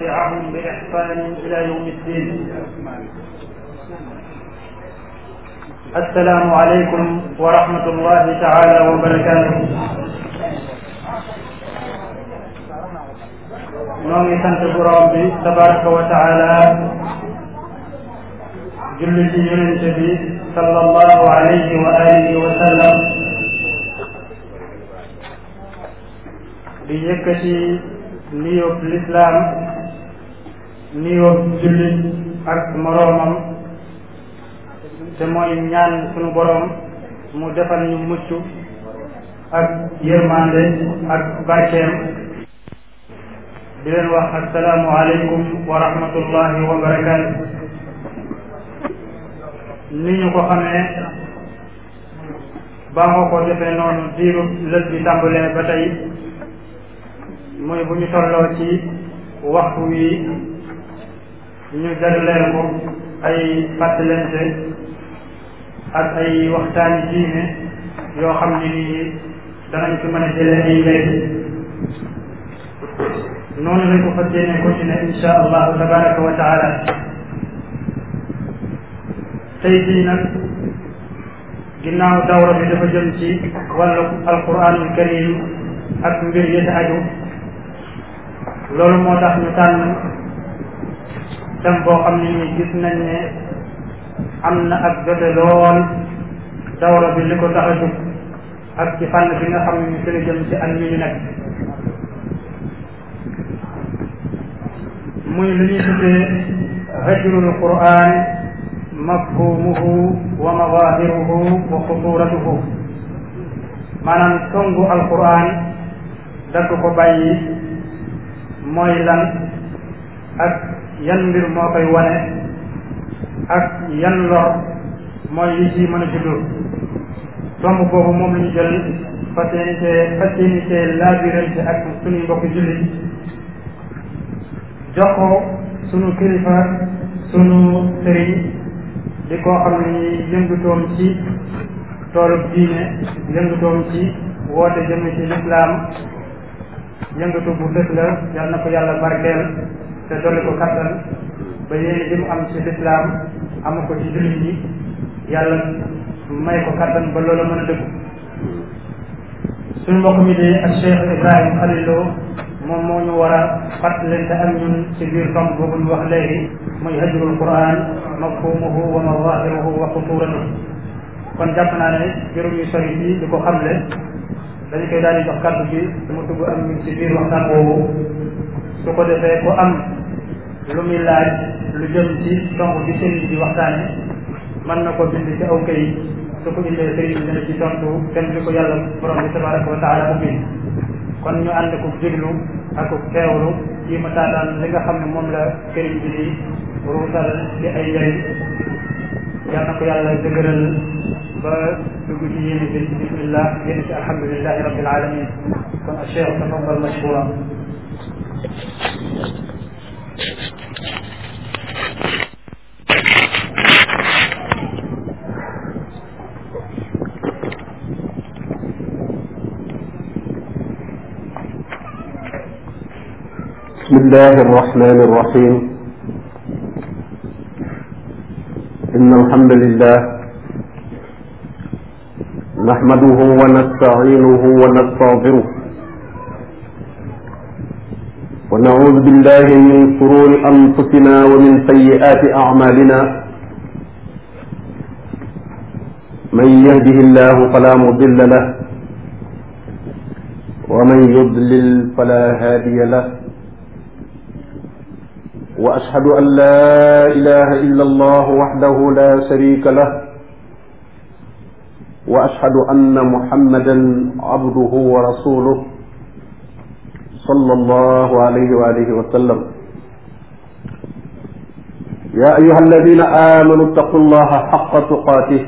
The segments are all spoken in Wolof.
تبعهم بإحسان إلى يوم الدين السلام عليكم ورحمة الله تعالى وبركاته نومي سنت برام تبارك وتعالى جل جل بي صلى الله عليه وآله وسلم بيكتي نيوب الإسلام nuyoo jullit ak moroomam te mooy ñaan sunu boroom mu defal ñu mucc ak yërmande ak bàcceem di leen wax asalaamu aleykum wa rahmatullahi wa barakaatu ko xamee ba nga ko defee noonu diiru lël bi tàmbalee ba tey muy bu ñu tolloo wi ñu jagleel ko ay fàttalante ak ay waxtaani diine yoo xam ne nii danañ ci mën a jëlee ay lay noonu lañ ko fas yéene continuer insha allahu tabaraka wa taala tey jii nag ginnaaw dawra bi dafa jëm ci wàllu alquranul karim ak mbir yi aju loolu moo tax ñu thème boo xam ne gis nañ ne am na ak jote lool dawra bi li ko tax ak ci fànn bi nga xam ne ci la jëm ci at mi muy lu ñuy tuddee hajrul quran mafhumuhu wa mawahiruhu wa xuturatuhu maanaam songu alquran dakk ko bàyyi mooy lan ak yan mbir moo koy wane ak yan lor mooy yi ci mën a juddul tomb boobu moom la jël fas yéene cee fas ak suñuy mbokk jullit jox ko sunu kilifa sunu sëriñ di koo xam ne yëngutoom ci toolub diine yëngutoom ci woote jëme ci lislaam yëngatu bu dëkk la yal na ko yàlla barkeel te dolli ko kattan ba yéene li mu am ci lislaam amu ko ci jullit yi yàlla may ko kattan ba loolu mën a dëgg suñu mbokk mi de ak Cheikh Ibrahim Khalil Lo moom moo ñu war a fàttalante ak ñun ci biir tomb boobu ñu wax léegi muy hajrul quran mafhumuhu wa mawahiruhu wa xuturatuhu kon jàpp naa ne juróom yu sori yi di ko xamle dañu koy daal di jox kàddu bi dama dugg ak ñun ci biir waxtaan boobu su ko defee ku am lu muy laaj lu jëm ci tomb bi sëriñ bi waxtaane mën na ko bind ci aw këyit su ko indee sëriñ bi dina ci tontu kenn bi ko yàlla borom bi tabaraka wa taala mu bind kon ñu ànd ko déglu a ko teewlu ci ma taataan li nga xam ne moom la sëriñ bi di ruusal ci ay njëriñ yal na ko yàlla dëgëral ba dugg ci yéene bi bismillah yéene ci alhamdulilahi rabbil alamin kon a cheikh tafaddal mashkuran بسم الله الرحمن الرحيم إن الحمد لله نحمده ونستعينه ونستغفره ونعوذ بالله من شرور أنفسنا ومن سيئات أعمالنا من يهده الله فلا مضل له ومن يضلل فلا هادي له وأشهد أن لا إله إلا الله وحده لا شريك له وأشهد أن محمدا عبده ورسوله sallallahu alayhi wa alihi wa sallam ya ayuha alladina amanu ittaqu llaha xaqa tuqaatih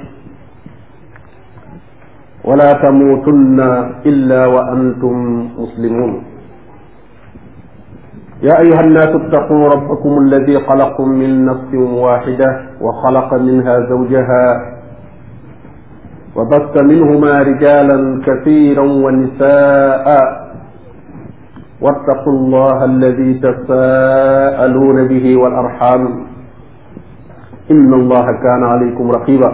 wala tamuutunna illa wa antum muslimun يا أيها الناس اتقوا ربكم الذي خلقكم من نفس واحدة وخلق منها زوجها وبث منهما رجالا كثيرا ونساء wattaqu allaha alladi tasaaluuna bihi wal arxam inna allaha kaana alaykum raqiba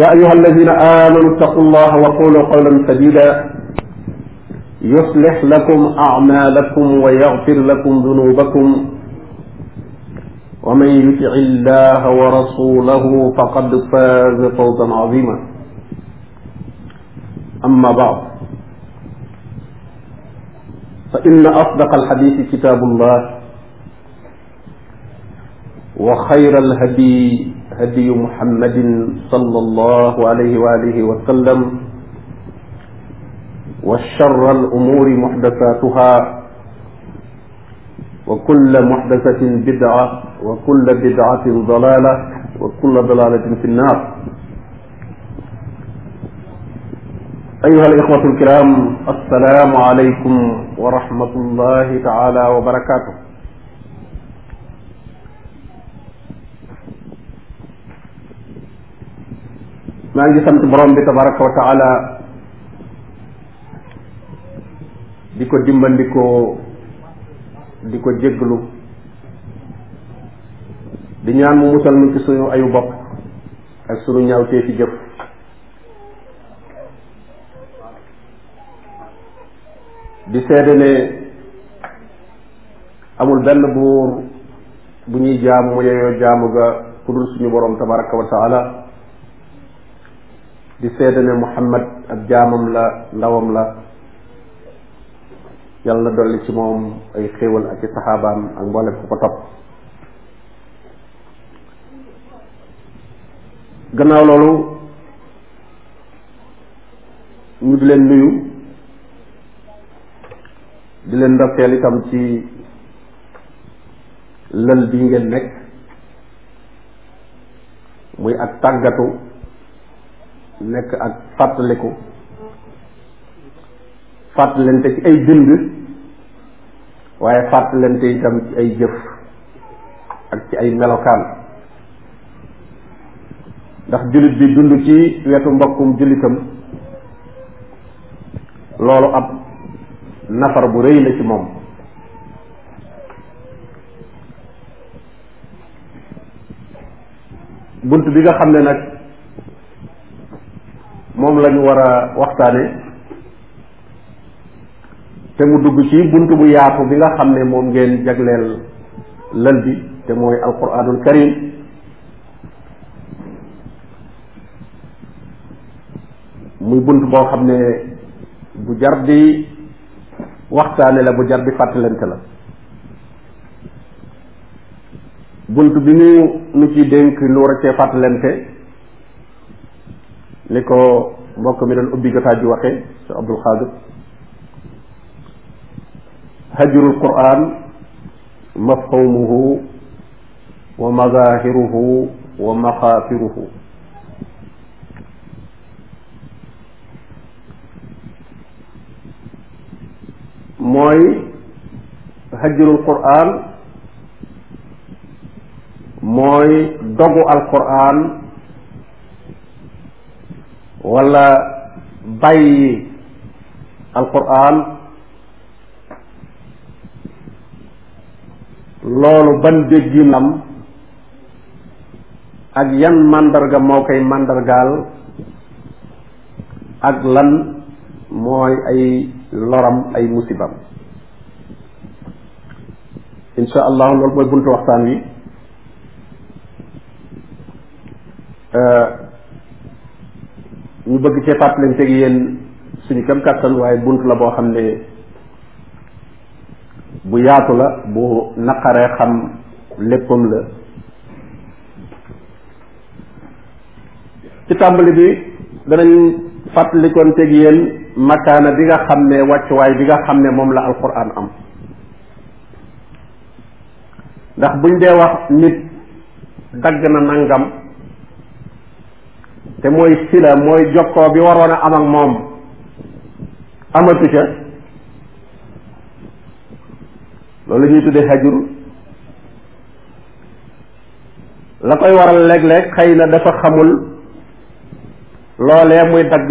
ya ayuha alladina amanu ittaqu allaha wa qulu qawlan sadida yuslix lakum acmaalakum wa yaxfir lakum dunubakum wa man yuti illaha wa rasulahu faqad faaza fawzan azima amma baad فإن أصدق الحديث كتاب الله وخير الهدي هدي محمد صلى الله عليه وآله وسلم وشر الأمور محدثاتها وكل محدثة بدعة وكل بدعة ضلالة وكل ضلالة في النار ayuha alikhwatu alkiram assalaamu aleykum wa rahmatullahi taala wa barakatuh maa ngi sant borom bi tabaraka wa taala di ko dimbandikoo di ko jéggalu di ñaan mu musal nu ci suñu ayu bopp ak suñu ñaaw tee fi jëf di seede ne amul benn buur bu ñuy jaamu mu yeyoo jaamu ga ku dul suñu boroom tabaraka wa taala di seede ne Muhammad ab jaamam la ndawam la yàlla dolli ci moom ay xéewal ak i ak mboolem ku ko topp gannaaw loolu ñu di leen nuyu di leen ndokkeel itam ci lël bi ngeen nekk muy ak tàggatu nekk ak fàttaliku fàttalante ci ay bind waaye fàttalante itam ci ay jëf ak ci ay melokaan ndax jullit bi dund ci wetu mbokkum jullitam loolu ab nafar bu rëy la ci moom bunt bi nga xam ne nag moom la ñu war a waxtaane te mu dugg ci bunt bu yaatu bi nga xam ne moom ngeen jagleel lël bi te mooy alquranul karim muy bunt boo xam ne bu jar di waxtaane la bu jar di fàttalante la bunt bi ñu nu ci dénk nu war a cee ko mbokk mi doon ubbi jotaay ji waxee si Abdul Xaadir hajrul quran mafhumuhu wa mazahiruhu wa maxaafiruhu mooy hajjurul quraan mooy dogu alquraan wala bàyyi alquraan loolu ban déggin am ak yan màndarga moo koy màndargaal ak lan mooy ay loram ay musibam insha allah loolu mooy buntu waxtaan wi euh, ñu bëgg cee fàttalante teg yéen suñu kam kàttan waaye bunt la boo xam ne bu yaatu la bu naqaree xam léppam la ci tàmbali bi danañ fàttalikoonte gi yéen makaana bi nga xam ne wàccuwaay bi nga xam ne moom la alquran am ndax bu buñ dee wax nit dagg na nangam te mooy sila mooy jokkoo bi waroon a am ak moom amatu ca loolu la ñuy tuddee la koy waral léeg-léeg xëy na dafa xamul loolee muy dagg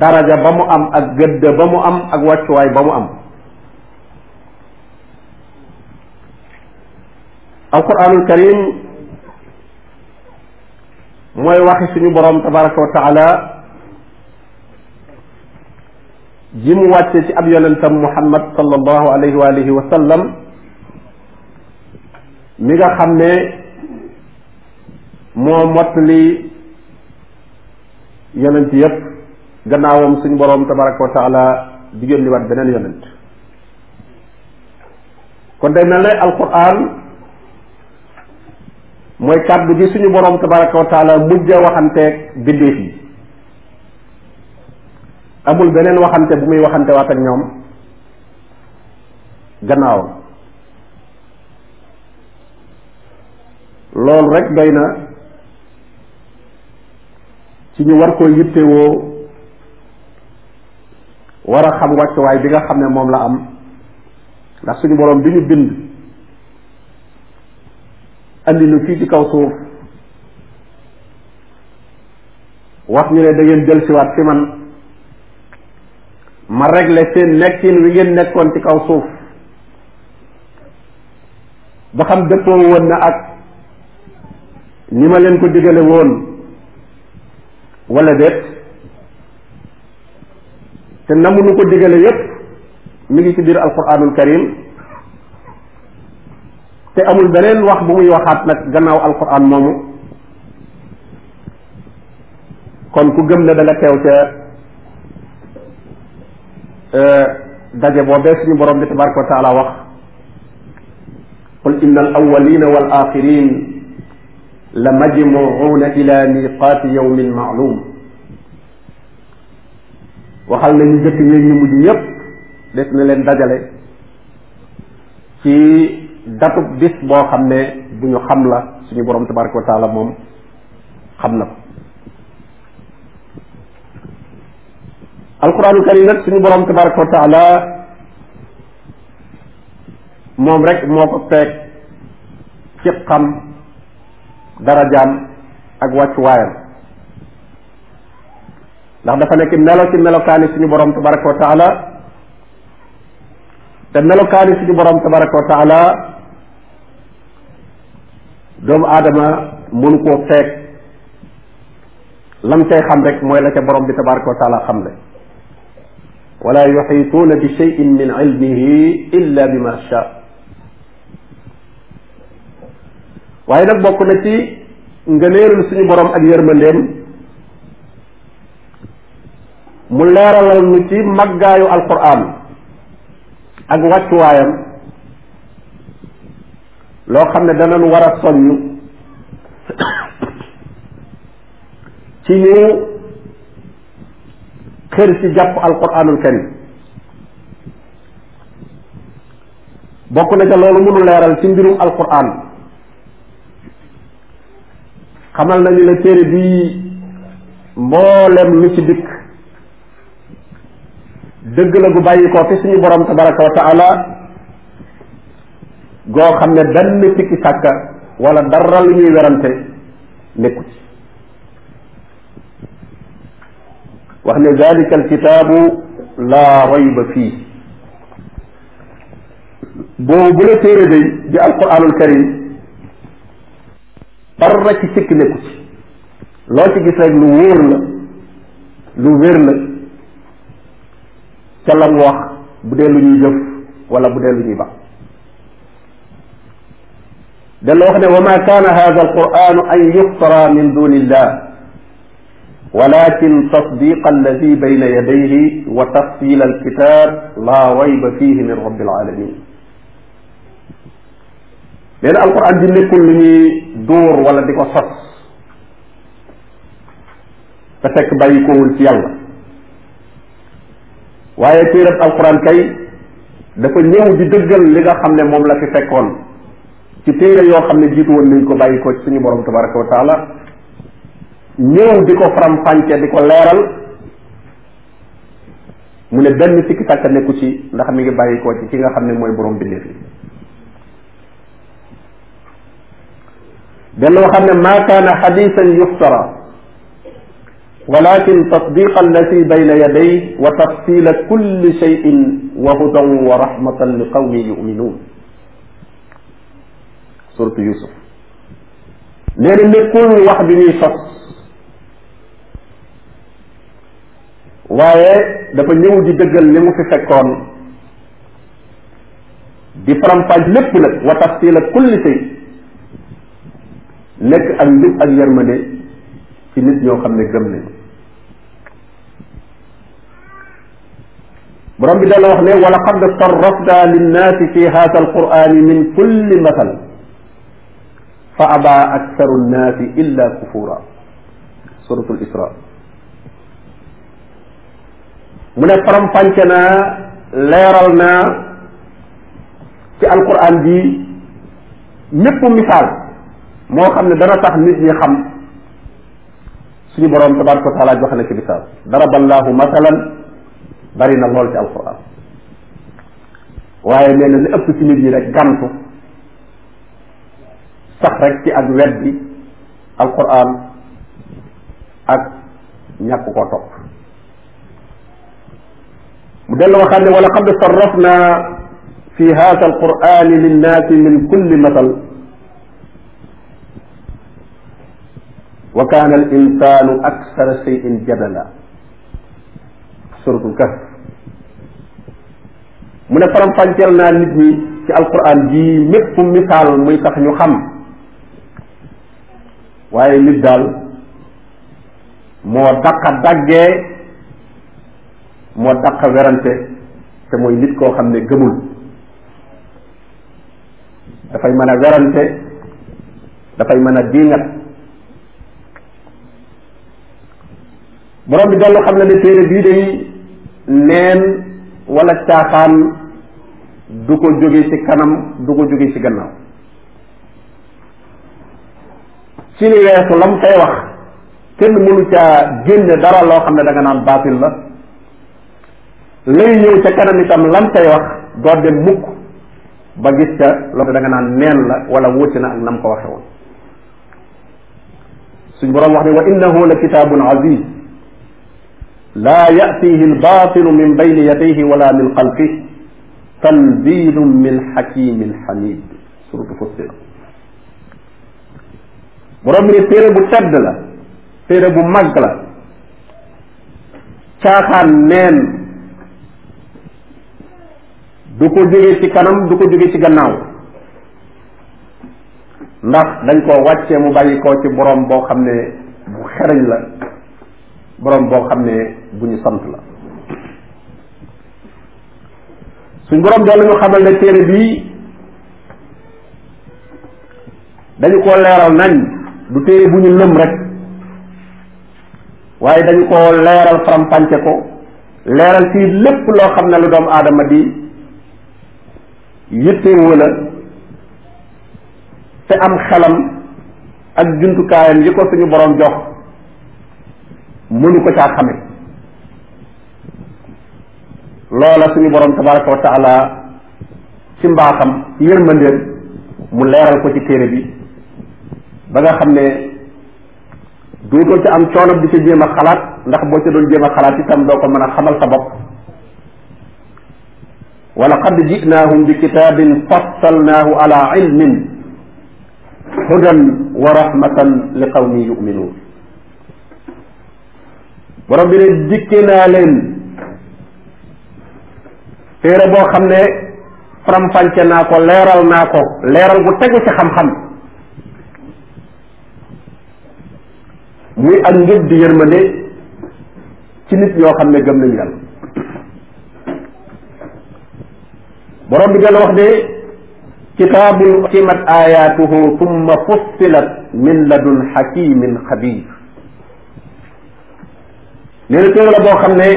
daraja ba mu am ak gëdd ba mu am ak wàccuwaay ba mu am alquranul karim mooy waxi suñu borom tabaraka wa taala ji mu wàccee ci ab yonentam muhammad sallallahu alayhi wa alihi wa suñu borom tabaraka wa taala di yónni waat beneen mel ne alquran mooy kàddu gi suñu borom tabaraka wa taala mujj a waxanteeg bindeef yi amul beneen waxante bu muy waxante waat ak ñoom gannaawam loolu rek doy na ci ñu war koo yittewoo war a xam wàccuwaay bi nga xam ne moom la am ndax suñu borom bi ñu bind andi nu fii ci kaw suuf wax ñu ne da ngeen jël siwaat fi man ma régler seen nekkin wi ngeen nekkoon ci kaw suuf ba xam dëppoo woon na ak ni ma leen ko digale woon wala déet te namu nu ko digale yépp mi ngi ci biir alquranul karim te amul beneen wax bu muy waxaat nag gannaaw alquran moomu kon ku gëm ne da nga teew ca e, daje boobee suñu borom bi tabaraka wa taala wax qul inna al awalina wal axirin la ila miqaati yawmin maalum waxal na ñu njëkk ñeeg ñu mujj ñëpp leen dajale ci datub bis boo xam ne bu ñu xam la suñu borom tabaraka wa taala moom xam na ko alquranul karim nag suñu borom tabaraka wa moom rek moo ko peeg ci xam darajaam ak wàccuwaayam ndax dafa nekk melo ci melokaani suñu borom tabaraka wa taala te melokaani suñu borom tabaraka wa doomu aadama mu koo feeg lam mooy la ca borom bi tabaraka wa taala xam le wala yuxiituuna bi cheyin min ilmihi illa bi ma sha waaye nag bokk na ci ngëneelul suñu borom ak yërmandeem mu leera nu ci maggaayu alquran ak wàccuwaayam loo xam ne danañ war a soññ ci ñu xër ci jàpp alquranul karim bokk na ca loolu mënu leeral ci mbirum alquran xamal nañu ne téere bii mboolem lu ci dikk dëgg la gu bàyyi ko fi suñu borom tabaraka wa goo xam ne benn sikki sàkka wala dara lu ñuy werante nekku ci wax ne dalika alkitaabu laa rayba fii boobu la téere day di alquranul karim dara ci sikki nekku ci loo ci gis rek lu wóor la lu wér la ca lam wax bu dee lu ñuy jëf wala bu dee lu ñuy baax dana wax ne wa ma kaana hada alquranu an yuftara min duni illah walakin tasdiqa alladi bayna yadayhi wa tafsil alkitab la rayba fihi min rabbi alalamin nee na alquran di nekkul lu ñuy dóor wala di ko sos te fekk bàyyi koowul ci yàlla waaye téerab alquran kay dafa ñëw di dëggal li nga xam ne moom la fi fekkoon ci téere yoo xam ne jiitu woon nañ ko bàyyi ko ci suñu borom tabaraka wa taala di ko faram-fànce di ko leeral mu ne benn sikki sàkka nekku ci ndax mi ngi bàyyi ko ci ki nga xam ne mooy borom bindeef yi delloo xam ne maa kaana xadisan yuftara walakin tasdiqa allati bayna yadayh wa tafsila kulli cheyin wa hudan wa rahmatan li qawmi yuminuun suratu yusuf nee na nekkul wax bi ñuy sos waaye dafa ñëw di dëggal li mu fi fekkoon di faramfaj lépp nag wa tafsila kulli shay nekk ak njub ak yërmande ci nit ñoo xam ne gëm nañ borom bi dala wax ne wa laqad sarrafna linnaasi fi hada alqurani min kulli masal fa abaa aktaru nnaasi illa kufura suratul isra mu ne faram fànce naa leeral naa ci alquran bi mépp misaal moo xam ne dana tax nit ñi xam suñu boroom tabaraka wa taala joxe na ci misaal daraballahu masalan bari na lool ci alquran waaye nee na li ëpp ci nit ñi rek gàmtu sax rek ci ak weddi alquran ak ñàkk koo topp mu dellu waxaat ne wala qad sarrafna fi hada alqurani linnaasi min kulli masal wa kaana al insanu aksara cheyin jadala suratul kahf mu ne faram fànceel naa nit ñi ci alquran ji mépp misaal muy tax ñu xam waaye nit daal moo daq a daggee moo daq a werante te mooy nit koo xam ne gëmul dafay mën a werante dafay mën a diingat borom bi dellu xam ne ne téere bii day neen wala caaxaan du ko jóge ci kanam du ko jóge ci gannaaw ci li weesu la mu fay wax kenn mënu caa génne dara loo xam ne da nga naan baatil la lay ñëw ca kanam itam lam tay wax doo dem mukk ba gis ca loo da nga naan neen la wala wuute na ak nam ko waxe woon suñ boroom wax ne wa innahu la kitaabun aziz laa yatihi albatilu min bayni yadayhi wala min xalfih tanzilum min xakimin xamid suratu fussilat boroom bi ne téere bu tedd la téere bu mag la caaxaan neen du ko jóge ci kanam du ko jóge ci gannaaw ndax dañ koo wàccee mu bàyyi koo ci borom boo xam ne bu xereñ la borom boo xam ne bu ñu sant la suñ borom doon lañu xamal ne téere bii dañu ko leeral nañ du téye bu ñu lëm rek waaye dañ koo leeral faram-fàcce ko leeral ci lépp loo xam ne lu doomu aadama di yittewoo la te am xelam ak jumtukaayam yi ko suñu borom jox mënu ko caa xame loola suñu borom tabaraka wa ci mbaaxam yërmandeem mu leeral ko ci téere bi ba xam ne duutoo ci am coono di ci jéem a xalaat ndax boo ca doon jéem a xalaat itam doo ko mën a xamal sa bopp wala qad ji'naahum bi kitaabin fassalnaahu ala ilmin hudan wa rahmatan li qawmi yuminuun borom bi ne dikke naa leen téere boo xam ne faram-fàcce naa ko leeral naa ko leeral bu tegu ci xam-xam muy ak ngëb di yërmande ci nit ñoo xam ne gëm nañu yàlla borom bi gën a wax ne kitaabun uxkimat ayatuhu thumma fussilat min ladun hakimin xabir nee na téere la boo xam ne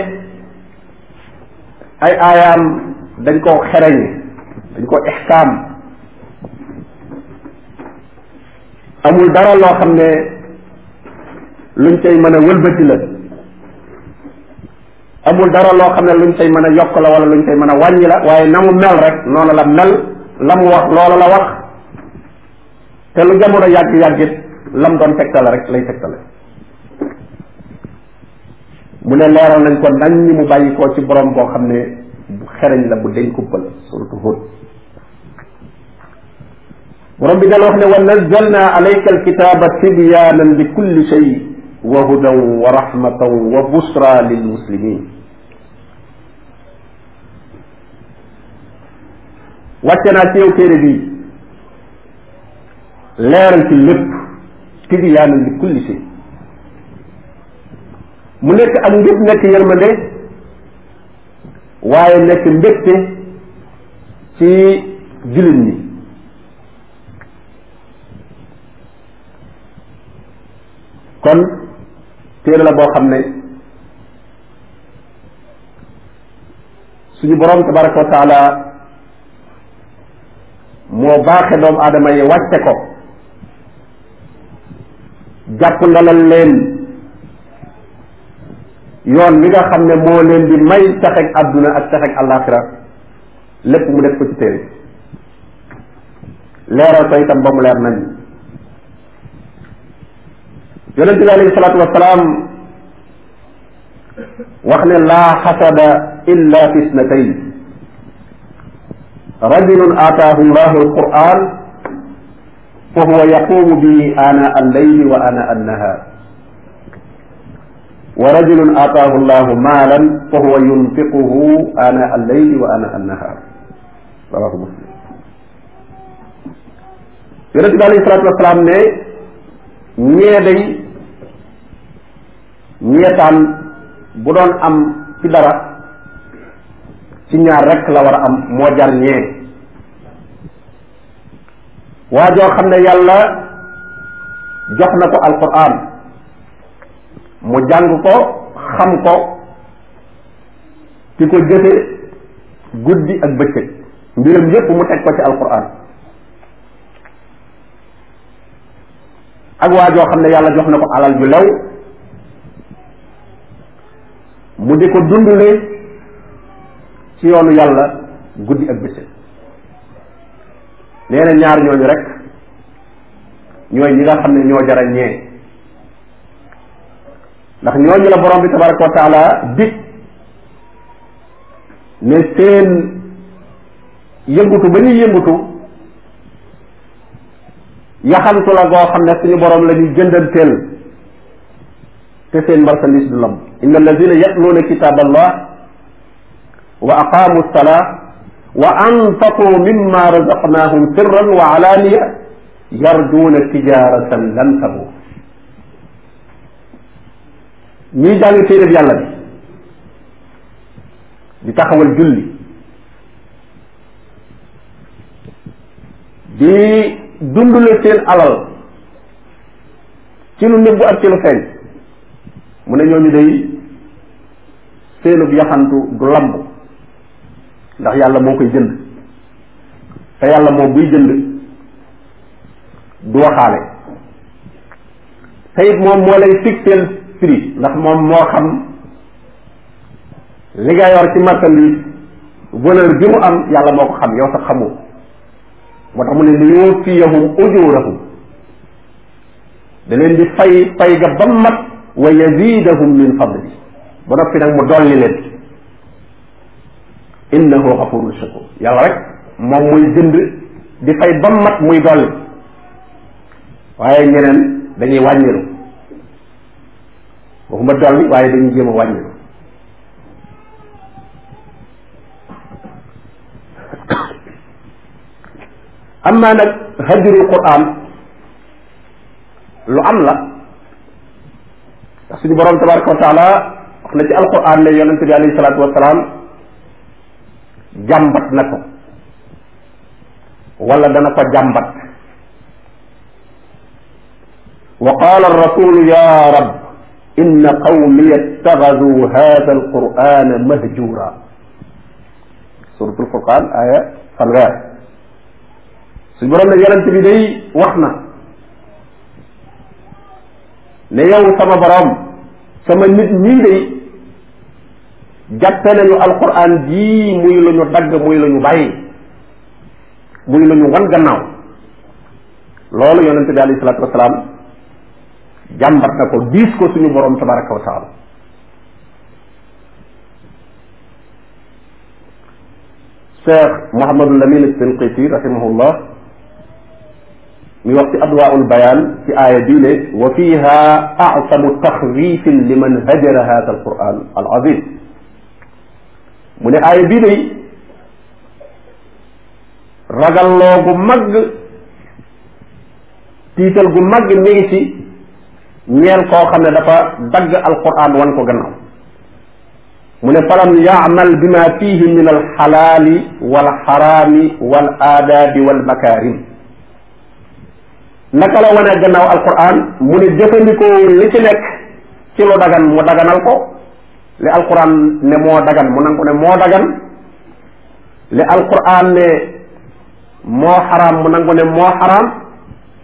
ay aayaam dañ ko xereñ dañ ko ixkaam amul dara loo xam ne luñ koy mën a wëlbati la amul dara loo xam ne luñ cay mën a yokk la wala luñ cay mën a wàññi la waaye na mu mel rek noonu la mel la mu wax loola la wax te lu jamono yàgg-yàggit lam doon tegtale rek lay tegtale mu ne leeral nañ ko nañ mu bàyyi koo ci borom boo xam ne xereñ la bu deñ kuppal suratu Hud borom bi dal wax ne wa nazzalna alayka alkitaba tibyaanan li kulli shay wa hudan wa rahmatan wa busra lil muslimin wàcce naa ci yow téere bi leeral ci lépp tibyaanan li kulli shay mu nekk ak ngëpp nekk yërmande waaye nekk mbégte ci jullit ñi kon téere la boo xam ne suñu borom tabaraka wa moo baaxe doomu aadama yi wàcce ko jàpp ndalal leen yoon li nga xam ne moo leen di may texeg adduna ak texeg àllaaxira lépp mu def ko ci téere leeral ko itam ba mu leer nañ yonente bi alayhi salaatu wasalaam wax ne laa xasada illa fi snatayn rajulun aataahu llahu alquran fa huwa yaqumu bihi ana alleyli wa ana annahar wa rajulun aataahu llahu maalan fa huwa yunfiquhu ana alleyli wa ana annahar rawahu muslim yonente bi alayhi salaatu wasalaam ne ñee day ñeetaan bu doon am ci dara ci ñaar rek la war a am moo jar ñee waa joo xam ne yàlla jox na ko alquran mu jàng ko xam ko ci ko jëfe guddi ak bëccëg mbiram yépp mu teg ko ci alquran ak waa joo xam ne yàlla jox na ko alal ju lew mu di ko dundalee ci yoonu yàlla guddi ak bëccëg nee na ñaar ñooñu rek ñooy ñi nga xam ne ñoo jara ndax ñooñu la borom bi tabaraka wa taala dig ne seen yëngutu ba ñuy yëngutu yaxantu la goo xam ne suñu borom la ñuy jëndanteel te seen marchandise du lamb inna alladina yatluuna kitab allah wa aqamu salaa wa anfaqu mimma razaqnahum sirran wa alaaniya yarjuuna tijaratan lan tabur ñii jàng téereb yàlla bi di taxawal julli di dundale seen alal ci lu nëbbu ak ci lu feeñ mu ne ñooñu day seenub yaxantu du lamb ndax yàlla moo koy jënd te yàlla moom buy jënd du waxaale te moom moo lay fixeel prix ndax moom moo xam li nga yor ci marchandise valeur mu am yàlla moo ko xam yow sax xamoo moo tax mu ne li yoo fiyahum ujurahum da leen di fay fay ga ba mat wa yazidahum min fadli ba noppi nag mu dolli leen innahu xafurun shakur yàlla rek moom muy jënd di fay ba mat muy dolli waaye ñeneen dañuy wàññilu waxuma dolli waaye dañuy jéem a wàññilu amma nag hajrul quran lu am la ndax suñu borom tabaraka wa taala wax na ci alquran ne yonente bi alayhi salaatu wasalaam jàmbat na ko wala dana ko jàmbat wa qaala arrasulu ya rab inna qawmiya ittaxadu hada alqurana mahjura suratul furqan aya fanweer suñu borom ne yonente bi day wax na ne yow sama borom sama nit ñii de jàppe nañu alquran jii muy la ñu dagg muy la ñu muy la ñu wan gannaaw loolu yonente bi alayhi salatu wasalaam jàmbat na ko diis ko suñu borom tabaraka wa taala cheikh Mouhamadul Amin Sinqiti rahimahullah mi wax ci adwaul bayaan ci aaya bii ne wa fiha asamu taxwifin liman hajara hada al quran al azim mu ne aaya bii day ragalloo gu mag tiital gu mag mi ngi ci ñeel koo xam ne dafa dagg alquran wan ko gannaaw mu ne falam yaamal bima fihi min alxalaali walxaraami wal aadaabi walmakaarim naka la wane gannaaw alquran mu ne jëfandikoo li ci nekk ci lu dagan mu daganal ko li alquran ne moo dagan mu nangu ne moo dagan li alquran ne moo xaraam mu nangu ne moo xaraam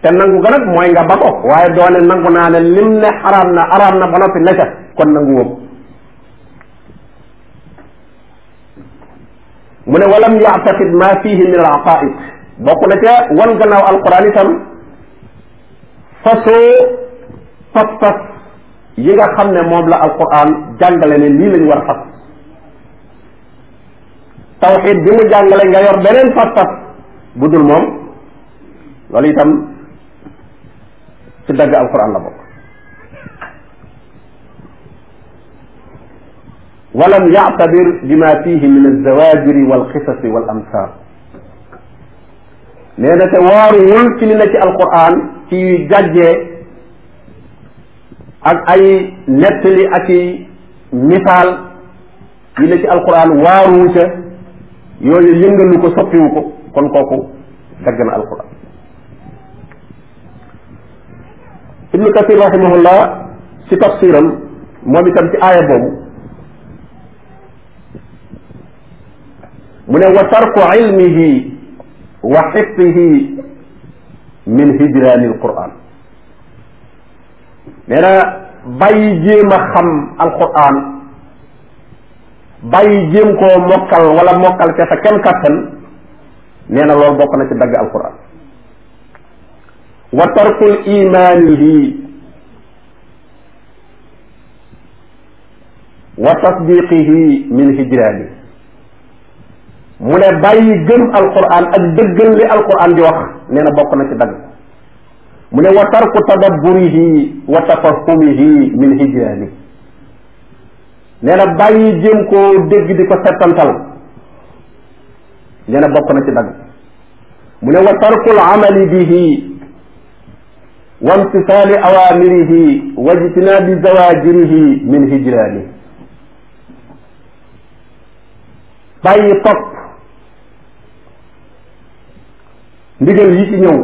te nangu ga mooy nga ba ko waaye doone nangu naa ne lim ne xaraam na araam na ba noppi ne ca kon nangu woomu mu ne walam yaatatid ma fihi min al aqaid bokk na ca wan gannaaw alquran itam fasoo pas-pas yi nga xam ne moom la alquran jàngale ne lii lañu war a fas tawxid bi mu jàngale nga yor beneen fas-fas bu dul moom loolu itam ci dagg alquran la bokk walam yactabir bima fihi min alzawajiri walqisasi wal amsar nee na te waaruwul ci li ne ci alquran ci yuy gàjjee ak ay nettali ak i misaal yi la ci alquran waaru ca yooyu yëngalu ko soppiwu ko kon kooku dagg na alquran ibnu kathir rahimahullah ci tafsiram moom itam ci aaya boobu mu ne wa tarku ilmihi wa xifdihi min hijraanil qur'an nee na bàyyi jéem a xam alquran bàyyi jéem koo mokkal wala mokkal ca sa kenn kattan nee na loolu bokk na ci dagg alquran wa tarkul imaanihi wa tasdiqihi min hijraani mu ne bàyyi gëm alquran ak dëggal li alquran di wax nee na bokk na ci dagg mu ne wa tarku tadabburihi wa tafahumihi min hijrani nee na bàyyi jéem koo dégg di ko settantal nee na bokk na ci dagg mu ne wa tarku alamali bihi wa imtisaali awamirihi wa ijtinaabi zawajirihi min hijrani bàyyi topp ndigal yi ci ñëw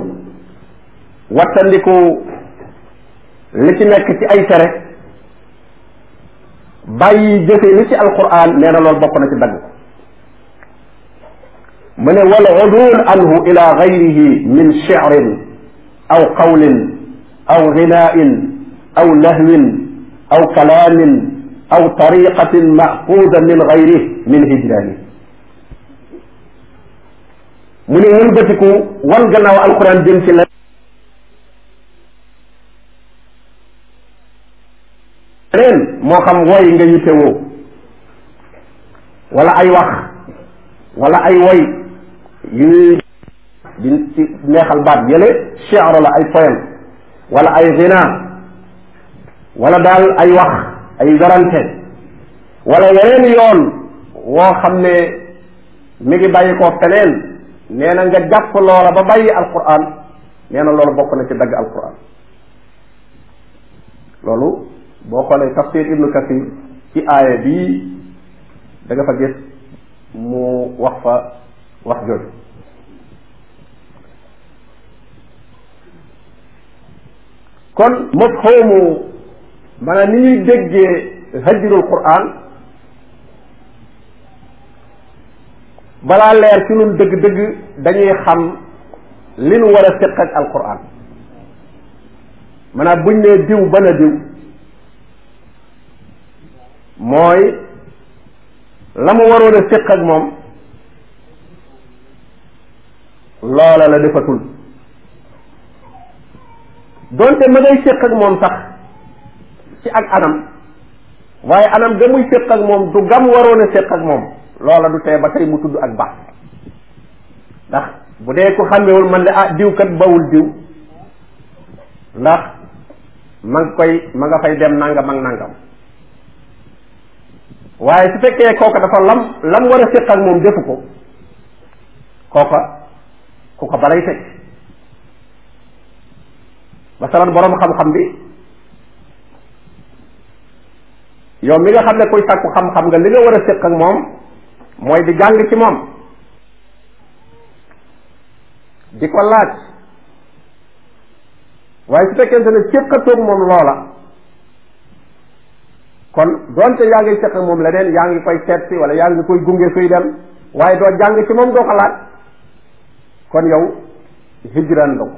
wattandiku li ci nekk ci ay tere bàyyi jëfe li ci alquran nee na loolu bokk na ci dagg ko mu ne wal udul anhu ila gayrihi min shi'rin aw qawlin aw ghinaain aw lahwin aw kalaamin aw tariqatin maxfuuda min gayrihi min hijraani mu ne wëlbatiku wan gannaaw alxuraan jëm ci la leen moo xam woy nga yittewoo wala ay wax wala ay woy yu ñuy di ci neexal baat yële shi'ar la ay poème wala ay zina wala daal ay wax ay garante wala yeneen yoon woo xam ne mi ngi bàyyi ko feneen nee na nga jàpp loola ba bàyyi alquran nee na loolu bokk na ci dagg alquran loolu boo xoolee tafsir ibnu kasir ci aaya bii da fa gis mu wax fa wax jooju kon mafhumu maanaam ni ñuy déggee hajrul quran balaa leer ci ñun dëgg-dëgg dañuy xam li nu war a séq ak alquran maanaam buñ nee diw ba na diw mooy la mu waroon a séq ak moom loola la defatul donte ma ngay séq ak moom sax ci ak anam waaye anam ga muy séq ak moom du gam waroon a séq ak moom loola du tee ba tey mu tudd ak baax ndax bu dee ku xàmmewul man de ah diw kat bawul diw ndax ma koy ma nga fay dem nangam ak nangam waaye su fekkee kooka dafa lam lam war a séq ak moom defu ko kooka ku ko balay fekk masalan boroom xam-xam bi yow mi nga xam ne kuy sàkku xam-xam nga li nga war a séq ak moom mooy di jàng ci moom di ko laaj waaye su fekkente ne séqatoog moom loola kon doonte yaa ngi séq moom leneen yaa ngi koy seetsi wala yaa ngi koy gunge suy dem waaye doo jàng ci moom doo ko laaj kon yow hijran la ko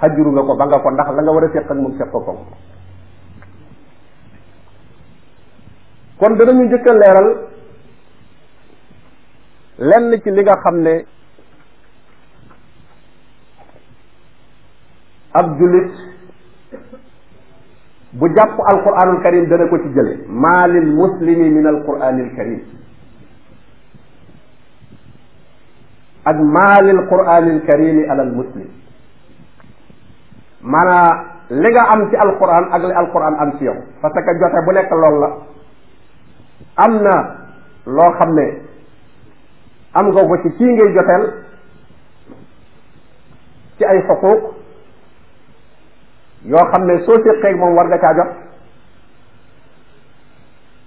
xajuru nga ko ba nga ko ndax nga war a séq ak moom séq ko kon danañu njëkk a leeral lenn ci li nga xam ne ab jullit bu jàpp alquranul karim dana ko ci jële maa lil muslimi min alquranil karim ak maa lil quranil muslim maanaa li nga am ci alquran ak li alquran am ci yow parce que jote bu nekk loolu la am na loo xam ne am nga ko ci kii ngay joteel ci ay xuquuq yoo xam ne soo séqeeg moom war nga caa jot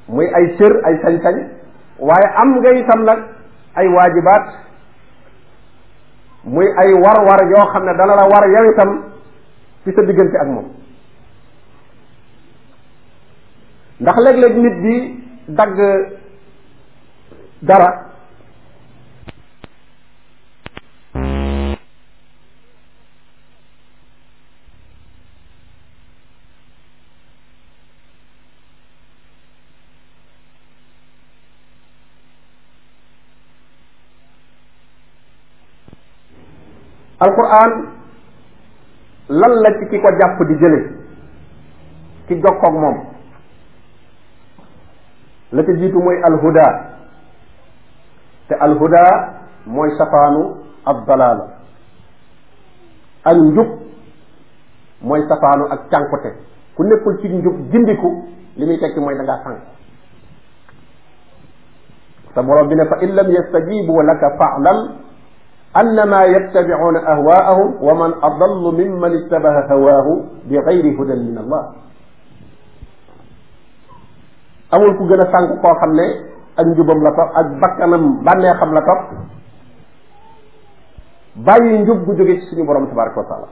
muy ay cër ay sañ-sañ waaye am nga itam nag ay waajibaat muy ay war-war yoo xam ne dana la war yow itam ci sa diggante ak moom ndax léeg-léeg nit bi dagg dara alquran lan la ci ki ko jàpp di jële ki jokkoog moom la ca jiitu mooy alhuda te alhuda mooy safaanu ab dalaala ak njub mooy safaanu ak cànkute ku nekkul ci njub gindiku li muy tekki mooy da sànk sa borom bi ne fa in lam yastajibu laka fa'lam annama yattabicuuna ahwaahum wa man adallu mimman ittabaha hawaahu bi gayri hudan min allah amul ku gën a sànq koo xam ne ak njubam la topp ak bakkanam bànneexam la topp bàyyi njub gu jóge ci suñu borom tabaraka wa taala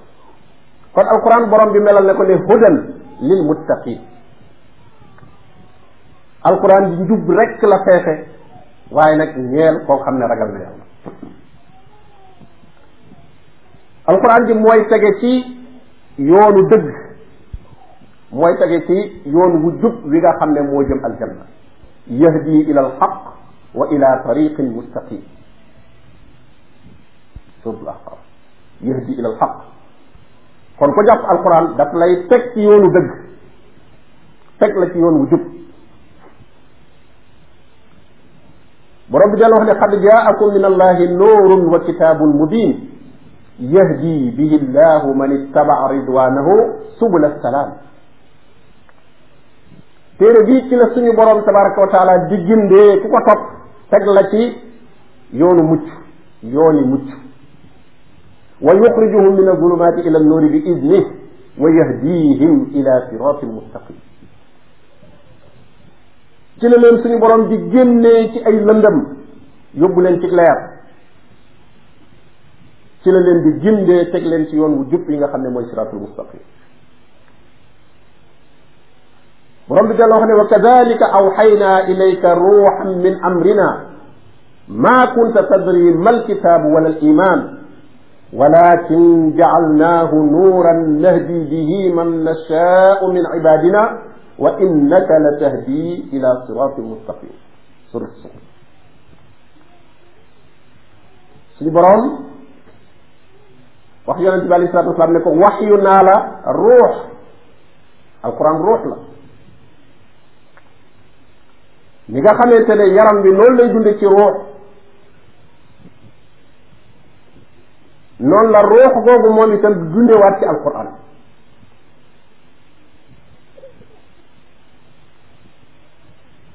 kon alquran borom bi melal ne ko ne hudan lil muttaqin alquran bi njub rek la feexe waaye nag ñeel koo xam ne ragal na yàlla alxuraan ji mooy tege ci yoonu dëgg mooy tege ci yoon wu jub wi nga xam ne moo jëm aljanna yahdi ila alxaq wa ila tariqin mustaqim suratul ahqaf yahdi ila alxaq kon ko jàpp alxuraan daf lay teg ci yoonu dëgg teg la ci yoon wu jub borom bi daan wax ne xad jaakum min allahi nuurun wa kitaabun mubin yahdi bihi llahu man ittaba'a ridwanahu subul assalaam téere bii ci la suñu boroom tabaraka wa taala di gindee ku ko topp teg la ci yoonu mucc yooni mucc wa yuxrijuhum min azulumaati ila annuuri bi idnih wa yahdihim ila sirati almustaqim ci la leen suñu boroom di génnee ci ay lëndëm yóbbu leen ci leer ci la leen di gindee teg leen ci yoon wu jub yi nga xam ne mooy siratul mustaqim borom bi delloo xam ne wa kadalika awxaynaa ilayka ruuxan min amrina maa kunta tadri ma alkitaabu wala aliman walakin jacalnaahu nuuran nahdi bihi man nashaau min cibaadina wa innaka la tahdi ila siraatin mustaqim surat suñu borom wax yonente bi alayhi salatu wasalaam ne ko wax yu naa la ruux alquran ruux la ni nga xamante ne yaram bi noonu lay dunde ci ruux noonu la ruux googu moom itam dundewaat ci alquran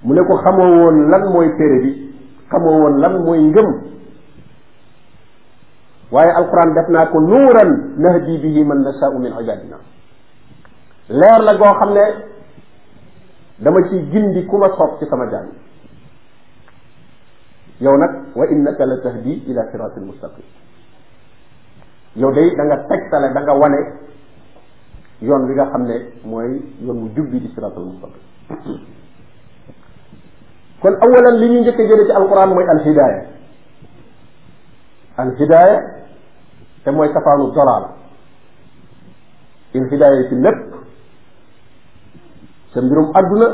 mu ne ko xamoo woon lan mooy téere bi xamoo woon lan mooy ngëm waaye alquran def naa ko nuuran nahdi bihi man nashaa'u min ibadina leer la goo xam ne dama ciy gindi ku ma soob ci sama jaam yow nag wa innaka la tahdi ila siratin mustaqim yow day da nga tegtale wane yoon wi nga xam ne mooy yoon wu jub bi di siratal mustaqim kon awalan li ñu njëkk a ci alquran mooy alhidaaya al hidaaya te mooy safaanu dolaala il hidaaya ci lépp sa mbirum adduna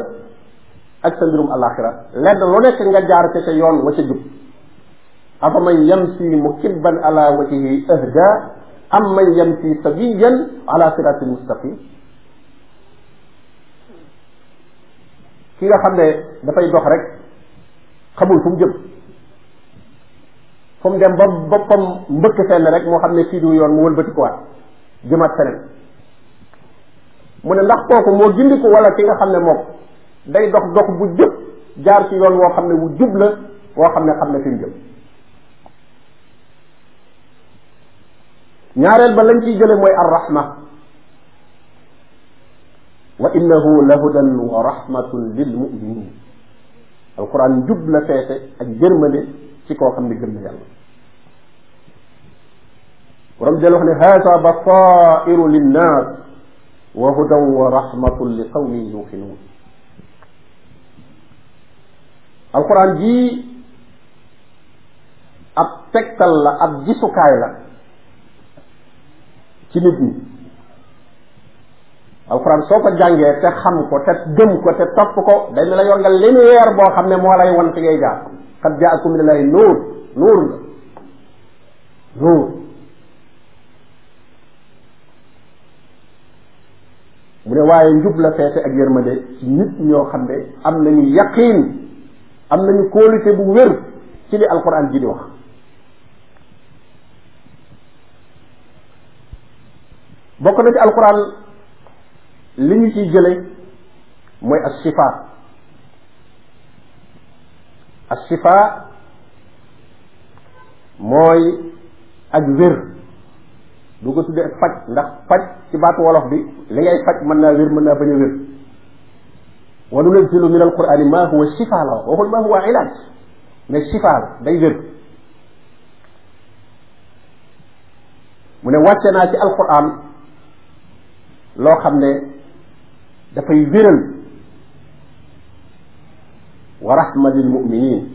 ak sa mbirum alaxira lenn lu nekk nga jaar ca sa yoon wa ca jub afa man yamsi mukibban ala wajhihi ahda am man yamsi sabiyan ala siraatin mustaqim ki nga xam ne dafay dox rek xamul fu mu jëm fu mu dem ba boppam mbëkk fenn rek moo xam ne fii du yoon mu wëlbati ko waat jëmaat feneen mu ne ndax kooku moo gindiku wala ki nga xam ne moom day dox dox bu jub jaar ci yoon woo xam ne wu jub la woo xam ne xam ne fi mu jëm ñaareel ba lañ ciy jële mooy arrahma wa innahu la hudan wa rahmatun lil muminin alquran jub la feete ak jërmande ci koo xam ne gëm na yàlla borom del wax ne haza basairu linnas wa hudan wa rahmatun li qawmin yuqinun alquran jii ab tegtal la ab gisukaay la ci nit ñi alxuraan soo ko jàngee te xam ko te gëm ko te topp ko day mel la yor nga boo xam ne moo lay won fi ngay jaar qad jaakum minallahi nuur nuur la nuur mu ne waaye njub la feete ak yërmande ci nit ñoo xam ne am nañu yaqiin am nañu kóolute bu wér ci li alquran ji di wax bokk na ci alquran li ñu ciy jële mooy as sifaat ashifa mooy ak wér du ko tuddee faj ndax faj ci baatu wolof bi li ngay faj mën naa wér mën naa bañ a wér wa nunazzilu min alqurani ma huwa shifa la waxul ma huwa ilaaj mais shifa la day wér mu ne wàcce naa ci alquran loo xam ne dafay wéral wa rahma lil muminin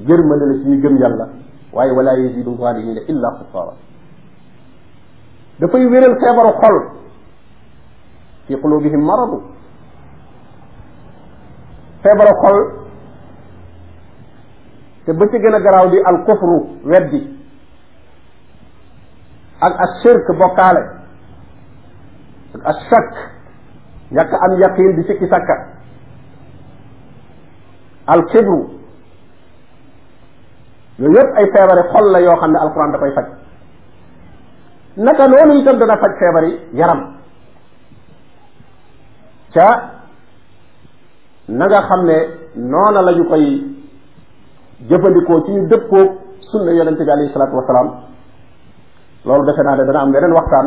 yërmande la ci ñu gëm yàlla waaye wala yazidu zalimina illa xusaara dafay wéral feebaru xol fi qulubihim maradu feebaru xol te ba ci gën a garaaw di al kufru weddi ak as shirk bokkaale ak as shakk ñàkk am yaqin di sikki sakka al kibru yépp ay feebari xol la yoo xam ne alquran da koy faj naka noonu itam dana faj feebari yaram ca na xam ne noona lañu ñu koy jëfandikoo ci ñu dëppoog sunna yonente bi alayhi salaatu wasalaam loolu defe naa ne dana am beneen waxtaan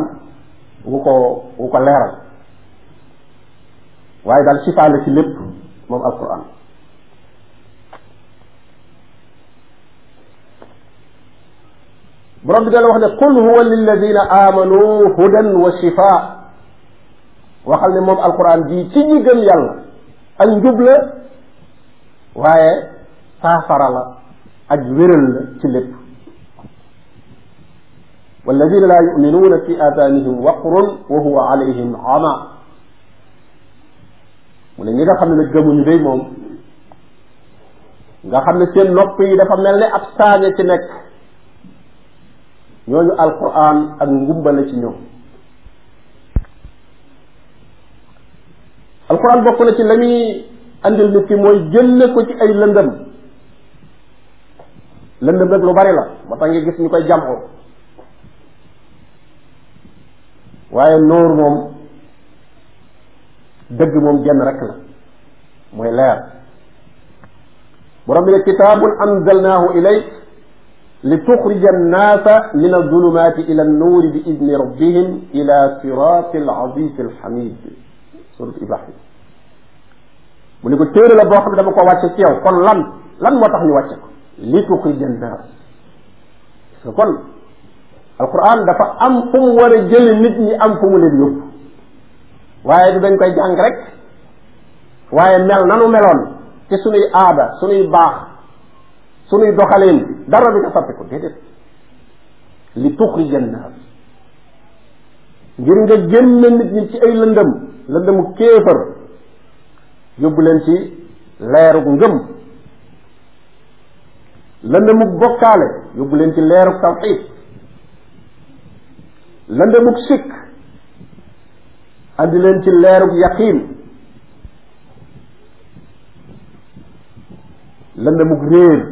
wu ko wu ko leeral waaye daal sifa la ci lépp moom alquran borom bi dala wax ne qul huwa lilladina amanu hudan wa shifaa waxal ne moom alquran jii ci ñi gëm yàlla ak njub la waaye saafara la ak wéral la ci lépp walladina laa yuminuuna fi aadaanihim waqrun wa huwa alayhim ama mu ne ñi nga xam ne nag gëmuñu day moom nga xam ne seen nopp yi dafa mel ne ab saaña ci nekk ñooñu alquran ak ngumbale ci ñoom alquran bokk na ci la andil nit mooy jëlle ko ci ay lëndëm lëndëm rek lu bari la moo tax nga gis ñu koy jàmxoo waaye noor moom dëgg moom genn rek la mooy leer borom bi ne kitaabun anzalnaahu ilayk li tuxrija annaasa min alzulumaati ila annuuri bi idni rabbihim ila sirati alazizi alhamid surat ibrahim mu ne ko téere la boo xam ne dama ko wàcce ci yow kon lan lan moo tax ñu wàcce ko li tuxrija annaas parce que kon alquran dafa am fu mu war a jële nit ñi am fu mu leen yóbbu waaye du dañ koy jàng rek waaye mel nanu meloon ci sunuy aada sunuy baax suñuy doxaleen dara du ca soppiku déedéet li tuxrija naas ngir nga génne nit ci ay lëndëm lëndëmu kéefër yóbbu leen ci leerug ngëm lëndëmug bokkaale yóbbu leen ci leerug tawxiid lëndëmug sikk andi leen ci réer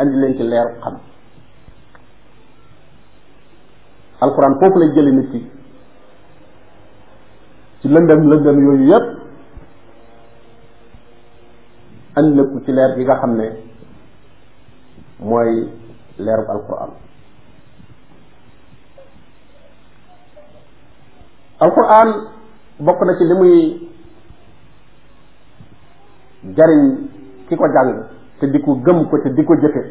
andi leen ci leeru xam alxuraan foofu lay jële nit ki ci lëndëm lëndëm yooyu yépp andi na ko ci leer bi nga xam ne mooy leerub alxuraan alxuraan bokk na ci li muy jariñ ki ko jàng te di ko gëm ko te di ko jëfe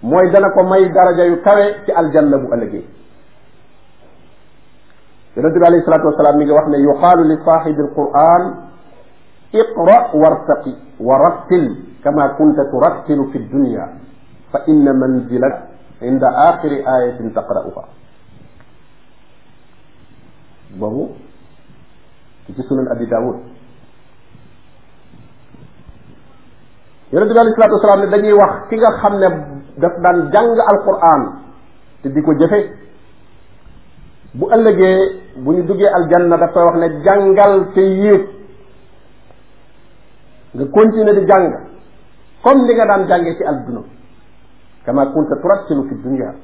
mooy dana ko may daraja yu kawe ci aljanna bu ëllëgee yonente bi alayhi salatu wasalaam mi ngi wax ne yuqaalu li saaxibi alquran iqra wartaqi wa rattil kama kunta turattilu fi dunya fa inna manzilak inda axiri ayatin taqra'uha boobu ci sunan abi daawud yonente bi alei salatu wasalaam ne dañuy wax ki nga xam ne daf daan jàng alquran te di ko jëfe bu ëllëgee bu ñu duggee aljanna daf koy wax ne jàngal te yéeg nga continuer di jàng comme li nga daan jàngee ci adduna kama kunta turattilu fi dunya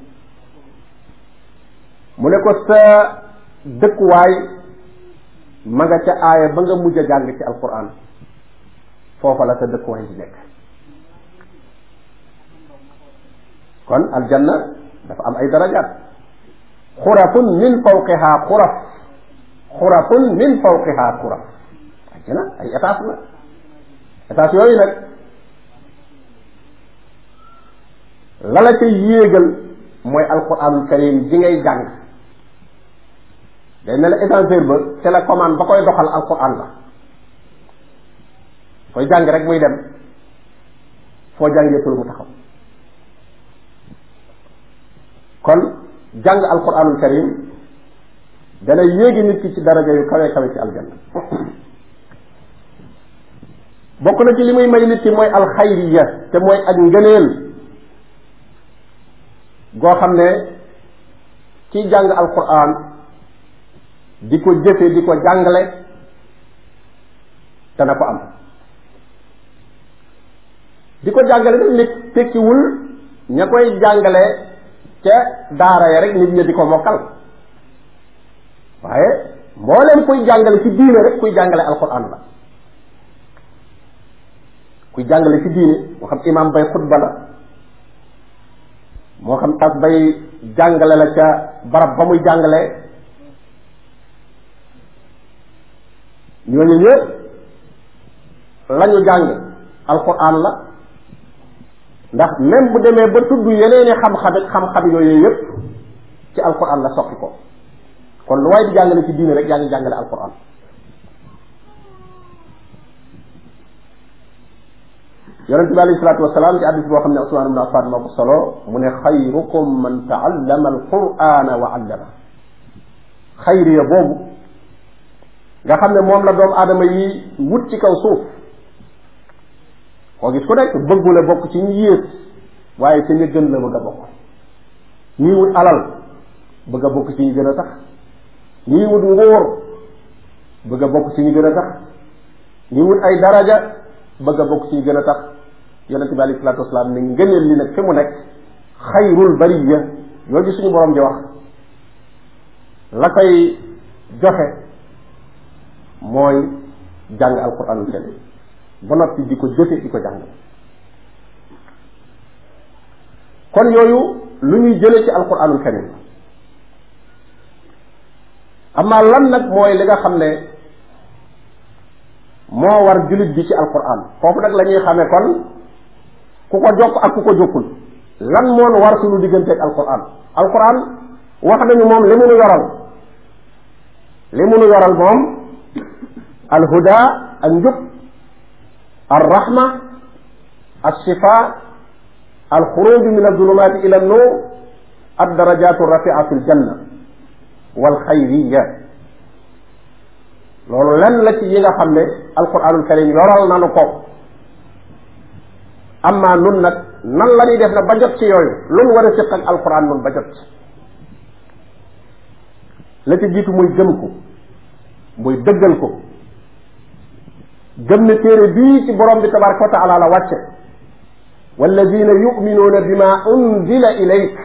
mu ne ko sa dëkkuwaay ma nga ca aaya ba nga mujj a jàng ci alquran foofa la sa dëkkuwaay di nekk kon aljanna dafa am ay darajaat xurafun min fawqihaa xuraf xurafun min fawqihaa xuraf ay étage la étage yooyu nag la yéegal mooy alquranul karim ji ngay jàng day ne la ba ca ba koy doxal alquran la koy jàng rek muy dem foo jàngee tul mu taxaw kon jàng alquranul karim dana yéegi nit ki ci daraja yu kawe kawe ci aljanna bokk na ci li muy may nit ki mooy alxayriya te mooy ak ngëneel goo xam ne kiy jàng alquran di ko jëfe di ko jàngale dana ko am di ko jàngale nag nekk tekkiwul ña koy jàngale ca daara ya rek nit ñi di ko mokkal waaye mboolem kuy jàngale ci diine rek kuy jàngale alquran la kuy jàngale ci diine moo xam imam bay xutba la moo xam tas bay jàngale la ca barab ba muy jàngale ñooñu ñëpp la ñu jàng alquran la ndax même bu demee ba tudd yeneen i xam-xam ak xam-xam yooyu yëpp ci alquran la soqi ko kon lu waay di jàngale ci diine rek yaa ngi jàngale alquran yonente bi alayhi solo mu ne xayrukum man taallama alqurana wa allama xayriya boobu nga xam ne moom la doomu aadama yi wut ci kaw suuf oo gis ku nekk bëggu la bokk ci ñu yées waaye ci ñu gën la bëgg a bokk ñii wut alal bëgg a bokk ci ñu gën a tax ñii wut nguur bëgg a bokk ci ñu gën a tax ñii wut ay daraja bëgg a bokk ci ñu gën a tax yonente bi alayhi salaatu wasalaam ne ngëneel li nag fi mu nekk xayrul bariya yooyu suñu borom di wax la koy joxe mooy jàng alquranul karim ba noppi di ko jëfe di ko jàng kon yooyu lu ñuy jële ci alquranul karim amaa lan nag mooy li nga xam ne moo war jullit bi ci alquran foofu nag la ñuy xamee kon ku ko jokk ak ku ko jokkul lan moon war suñu digganteeg alquran alquran wax nañu moom li mu yoral li mu yoral moom alhuda ak njub الرحمة الشفاء الخروج من الظلمات إلى النور الدرجات الرفيعة في الجنة والخيرية loolu lenn la ci yi nga xam ne alquranul karim yoral nanu ko amma nun nag nan la ñuy def na ba jot ci yooyu lu nu war a séq ak alquran nun ba jot ci la ci jiitu muy gëm ko muy dëggal ko gëm ne téere bii ci borom bi tabaraka wa taala la wàcce walladina yuminuuna bima unzila ilayk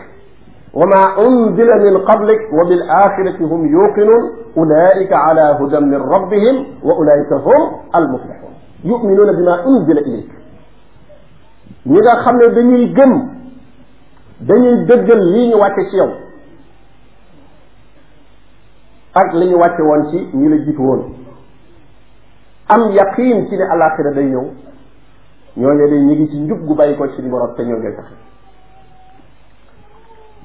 wa ma unzila min qablik wa bil axirati hum yuqinun ulaika ala hudan min rabbihim wa ulaika hum al muflihun yuminuuna bima unzila ilayk ñi nga xam ne dañuy gëm dañuy dëggal lii ñu wàcce ci yow ak li ñu wàcce woon ci ñi la jiitu woon am yaqiin ci ne alaxira day ñëw ñooñu day ñu ngi ci njub gu bàyyi ko ci borom te ñoo ngay tax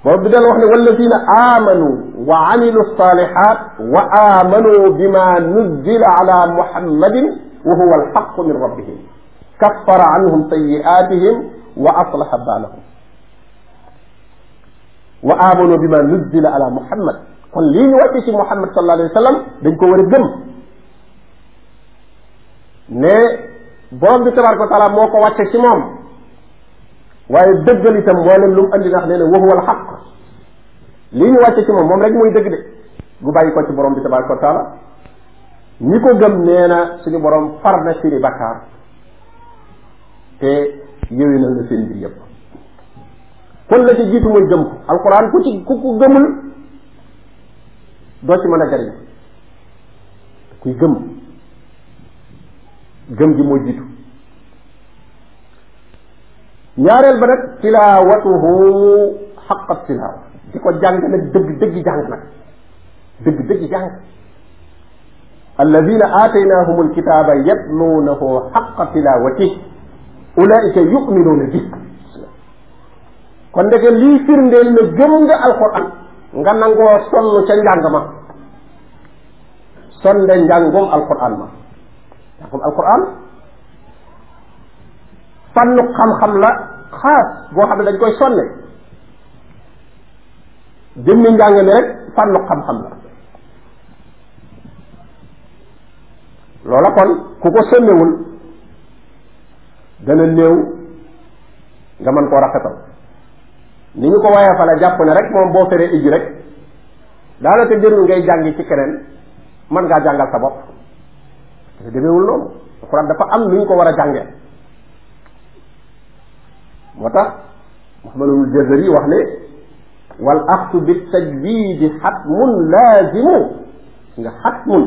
boobu bi daan wax ne wallazina amanu wa amilu salihat wa amanu bima nuzila ala muhammadin wa huwa alxaqu min rabbihim kaffara anhum sayiatihim wa aslaha baalahum wa amanu bima nuzila ala muhammad kon lii ñu wàcce ci muhammad sallallahu alayhi wa sallam dañ ko war a gëm ne borom bi tabaraka wa taala moo ko wàcce ci moom waaye dëggal itam mboolem lu mu andi ndax nee na wa xaq lii ñu wàcce ci moom moom rek muy dëgg de gu bàyyi ko ci borom bi tabaraka wa taala ñi ko gëm nee suñu borom far na seeni bakkaar te yéwénal na seen mbir yépp kon la ci jiitu muy gëm ko alxuraan ku ci ku ko gëmul doo ci mën a jariñ kuy gëm gëm gi moo jiitu ñaareel ba nag tilaawatuhu xaqa tilaawa di ko jàng nag dëgg dëgg jàng nag dëgg dëgg jàng alladina aataynahum alkitaba yatluunahu xaqa tilaawati ulaika yuminuuna bi kon ndeke lii firndeel na gëm nga alquran nga nangoo sonn ca njàng ma sonde njàngoom alquran ma jàngum alquran fànnu xam-xam la xaas boo xam ne dañ koy sonne jëmmi njàng mi rek fànnu xam-xam la loola kon ku ko sonnewul dana néew nga mën koo rafetal ni ñu ko waaye fa la jàpp ne rek moom boo feree ijji rek daanaka jërul ngay jàngi ci keneen mën ngaa jàngal sa bopp dafa demewul noonu alxuraan dafa am lu ñu ko war a jàngee moo tax Muhammadul Jazari wax ne wal axdu bi tajwiidi xatmun laazimu nga xatmun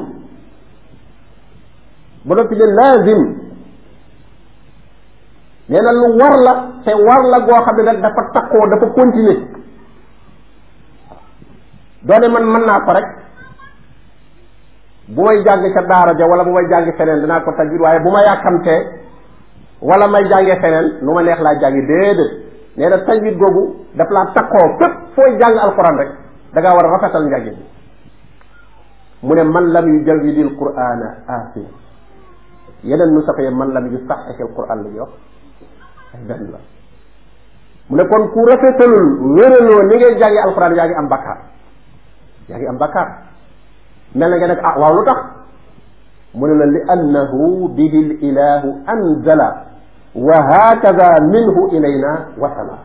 ba noppi ne laazim nee na lu war la te war la goo xam ne nag dafa takkoo dafa continuer doone man mën naa ko rek bu may jàng ca daara ja wala bu may jàng feneen danaa ko tajwid waaye bu ma yàkkamtee wala may jàngee feneen nu ma neex laa jàngi déedéet nee na googu daf laa takkoo fépp fooy jàng alquran rek da war a rafetal njàngin mu ne man lam yu jawidil qurana aafin yeneen nu safee man lam yu saxixil quran la ñuy wax ay benn la mu ne kon ku rafetalul wéraloo ni ngay jàngi alquran yaa ngi am bakkaar yaa ngi am bakkaar mel na nga nag ah waaw lu mu ne la li annahu bihi l ilahu anzala minhu ilayna wasala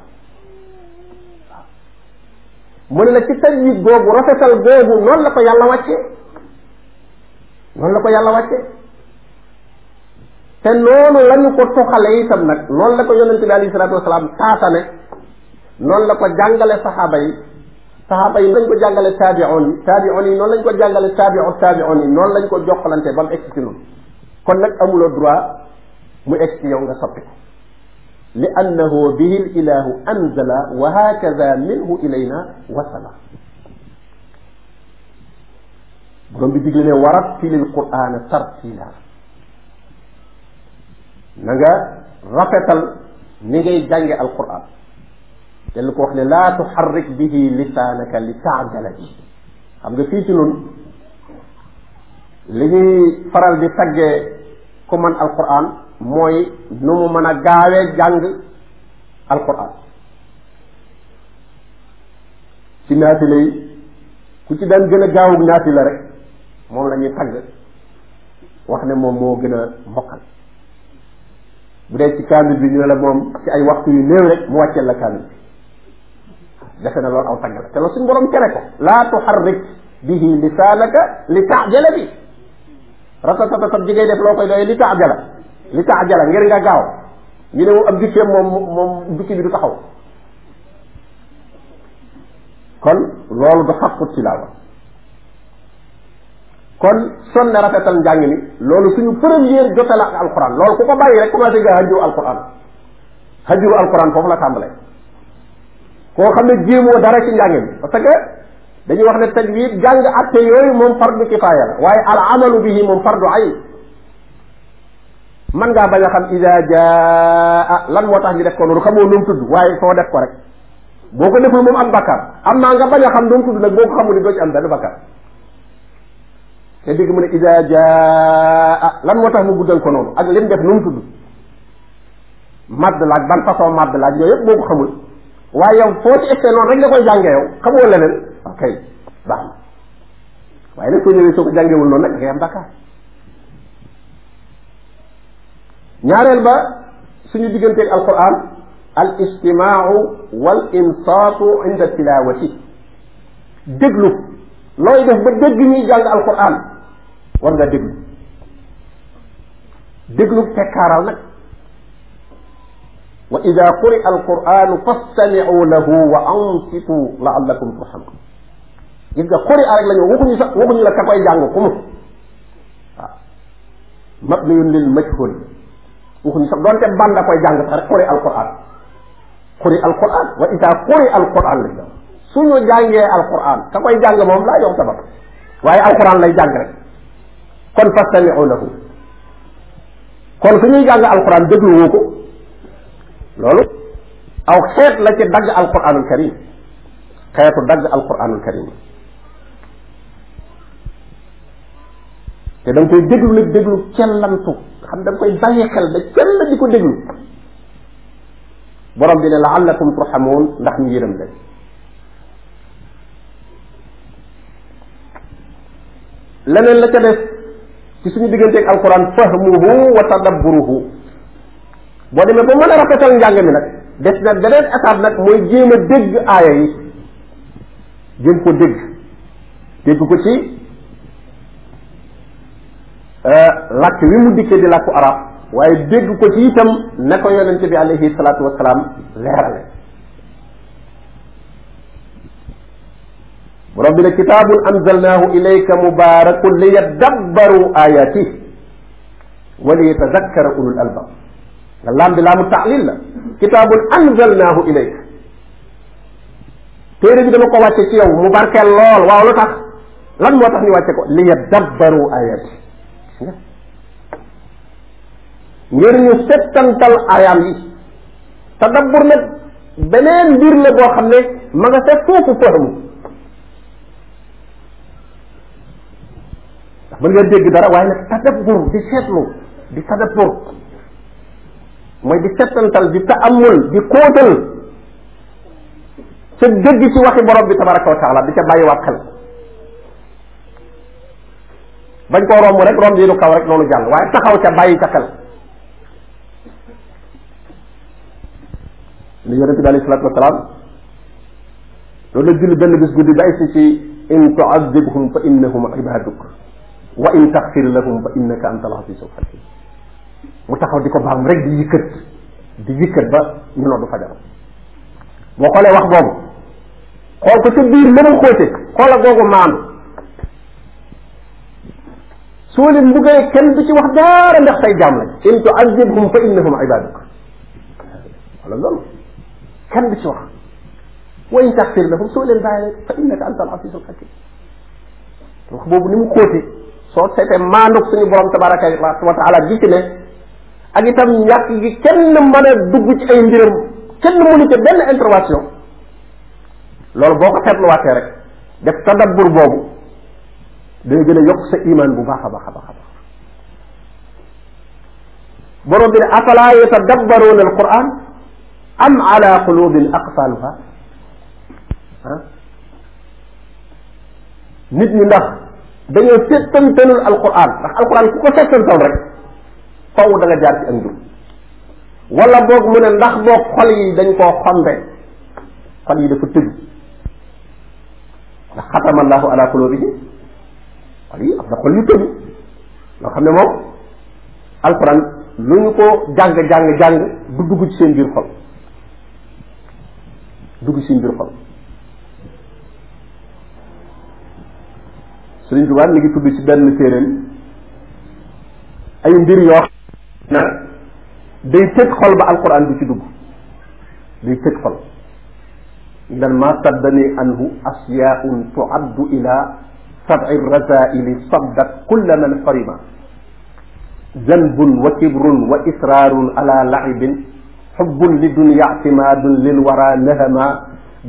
mu ne la ci tajwid googu rafetal googu noonu la ko yàlla wàcce noonu la ko yàlla wàcce te noonu la ñu ko toxale itam nag noonu la ko yonente bi alayhi salatu wasalaam taatane noonu la ko jàngale saxaaba saxaaba yi lañ ko jàngale taabi'oon yi taabi'oon yi noonu lañ ko jàngale taabi'u taabi'oon yi noonu lañ ko jokkalante ba kon nag amuloo droit mu egsi yow nga soppi ko li bihi l ilahu wa hakada minhu ilayna wasala borom bi digle ne warattilil qur'ana tartila na rafetal ni ngay jànge dellu ko wax ne laa tuxarrik bihi lisaanaka li taajala bi xam nga fii ci nun li ñuy faral di taggee ku man alquran mooy nu mu mën a gaawee jàng alquran ci naafila yi ku ci daan gën a gaawug naafila rek moom la tagg wax ne moom moo gën a mokkal bu dee ci kaamil bi ñu ne la moom ci ay waxtu yu néew rek mu wàcceel la kaamil defe na loolu aw tagg la te loolu suñu borom tere ko laa tuharrik bihi lisaanaka li taajala bi ratatatatat ji ngay def loo koy doyee li taajala li taajala ngir nga gaaw ñu ne ab dikkeem moom moom dikki bi du taxaw kon loolu du xaqu tilaawa kon sonne rafetal njàng mi loolu suñu première jotala ak alquran loolu ku ko bàyyi rek commencé nga hajjuru alquran hajjuru alquran foofu la tàmbalee koo xam ne jéemoo dara ci njàng mi parce que dañuy wax ne tajwid jàng atte yooyu moom fardu kifaaya la waaye al amalu bihi moom fardu ayn man ngaa bañ a xam ida jaa lan moo tax ñu def ko noonu xamoo nu mu waaye soo def ko rek moom am am naa nga bañ a xam nu ko xamul ni doo lan moo tax mu guddal ko noonu ak lim def nu mu tudd madd laaj ban façon laa laaj yooyu yëpp boo ko xamul waaye yow foo ci egtee koy jànge yow xamoo leneen ok baax na waaye nag soo ñëwee soo ko jàngewul noonu nag da ngay am bàkkaar ñaareel ba suñu digganteeg alquran al istimaau wal insaatu inda tilawati déglu looy def ba dégg ñuy jàng alquran war nga déglu déglu tekkaaral nag wa ida quri'a alquranu fastami'u lahu wa ansitu la'allakum turhamun gis nga quri'a rek la ñu waxuñu sax waxuñu la ka koy jàng ku mu waaw mabniyun lil majhul waxuñu sax doonte ban da koy jàng sax rek quri'a alquran quri'a alquran wa ida quri'a alquran lañ la suñu jàngee alquran ka koy jàng moom laa yow sabab waaye alquran lay jàng rek kon fastami'u lahu kon su ñuy jàng alquran dégluwoo ko loolu aw xeet la ci dagg alquranul karim xeetu dagg alquranul karim te da nga koy déglu nag déglu cellantu xam da nga koy bàyyi xel da cell di ko déglu borom bi ne laallakum turhamuun ndax ñu yërëm leen leneen la ca def ci suñu digganteeg alquran fahmuhu wa tadabburuhu boo demee ba mën a rafetal njàng mi nag des na beneen étape nag mooy jéem a dégg aaya yi ko dégg dégg ko ci euh, làkk wi mu dikkee di làkku arab waaye dégg ko ci itam na ko yonente bi alayhi salaatu wasalaam leerale borom bi ne kitaabun anzalnaahu ilayka mubaarakun li yadabbaru ayati wa li yatazakkara ulul albab nga laam bi laamu taalil la kitaabun anzalnaahu ilayk téere bi dama ko wàcce ci yow mu barkeel lool waaw lu tax lan moo tax ñu wàcce ko li yadabbaru ayati gis nga settantal ayam yi tadabbur beneen mbir boo xam ne ma nga sa foofu fahmu ndax mën nga dégg dara waaye nag tadabbur di seetlu di tadabbur mooy di settantal di taamul di kóotal sa dëgg ci waxi borom bi tabaraka wa taala di ca bàyyiwaat xel bañ koo romb rek romb yinu kaw rek noonu jàll waaye taxaw ca bàyyi ca xel li yonente bi alayhi salatu wasalaam loolu la julli benn bis guddi ba agsi ci in tuazibhum fa innahum ibaduk wa in taxfir lahum fa innaka anta al azizul hakim mu taxaw di ko baam rek di yëkkat di yëkkat ba ñu noddu fajar boo xoolee wax boobu xool ko ci biir mënul xóote xoola googu maam soo leen mbugalee kenn du ci wax dara ndax say jaam lañ in tu'azzibhum fa innahum ibaduk wala loolu kenn du ci wax wa in taxfir lahum soo leen bàyyi fa innaka anta al aziz al hakim wax boobu ni mu xóote soo seetee maanduk suñu borom tabaraka wa taala gi ci ne ak itam ñàkk gi kenn mën a dugg ci ay mbiram kenn mënu ci benn intervention loolu boo ko seetluwaatee rek def tadabbur boobu day gën a yokk iman bu baax a baax a baax a baax borom bi ne afala yatadabbaruuna am ala qulubin aqfaluha ah nit ñi ndax dañoo settantalul alquran ndax alquran ku ko settantal rek faw da nga jaar ci ndax boog xol yi dañ koo xombe xol yi dafa tëju ndax xatama allahu ala qulubihi xol yi am na xol yu tëju loo xam ne moom alquran lu ñu ko jàng-jàng-jàng du dugg ci seen biir xol dugg ci seen biir xol Sëriñ Tuubaa mi ngi tudd ci benn téeréen ay mbir yoo na day tëj xol ba alquran du ci dugg day tëj xol dan ma saddani anhu asyaun tuaddu ila sabi rasaili saddat kulla man farima zanbun wa kibrun wa israarun ala laibin xubbun li dunya ictimaadun lil wara nahama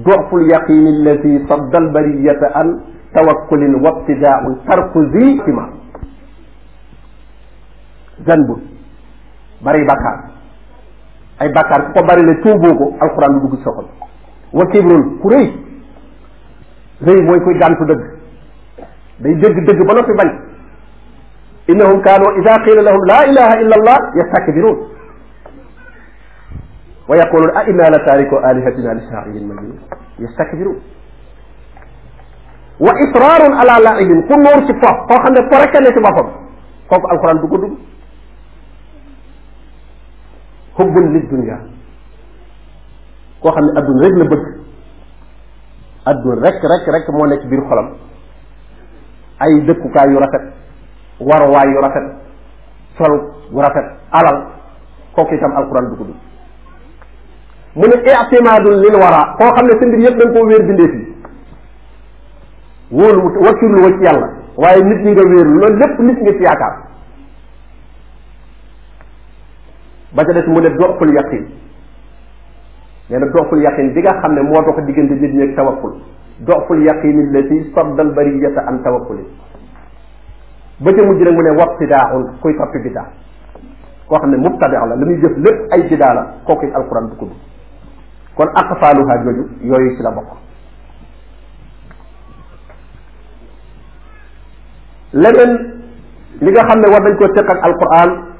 doful yaqin alladi sadda albariyata an tawakkulin wabtidaau tarku zi ihtimaam zanbun bari bàkkaar ay bàkkaar ku ko bari la tuuboo ko alxuraan lu dugg sa xol wa kibrun ku rëy rëy mooy kuy gàntu dëgg day dëgg dëgg ba noppi bañ innahum kaanu ida qiila lahum la ilaha illa allah yastakbiruun wa yaquluun a inna la taariku alihatina li shaa'irin majnuun yastakbiruun wa israarun ala laibin ku nóor ci foof koo xam ne ko rekk ne ci boppam foofu alxuraan du ko dugg xubbun lid dunya koo xam ne adduna rek la bëgg adduna rek rek rek moo nekk biir xolam ay dëkkukaay yu rafet waruwaay yu rafet sol gu rafet alal kooku itam alquran du ko dugg mu ne itimaadul eh, lil wara koo xam ne sa mbir yëpp da koo wéer bindee fii wóolu wakkirlu wa ci yàlla waaye nit ñi nga wéerlu loolu lépp nit nga ci yaakaar ba ca des mu ne doxul yaqin nee na doxul bi nga xam ne moo dox diggante nit ñi ak tawakkul doxul yaqin allati saddal bariyata an tawakkuli ba ca mujj nag mu ne wabtidaaun kuy topp bidaa koo xam ne mubtadaa la li muy jëf lépp ay bidaa la kooku it alquran du tudd kon aqfaaluha jooju yooyu ci la bokk leneen li nga xam ne war nañ koo tëq ak alquran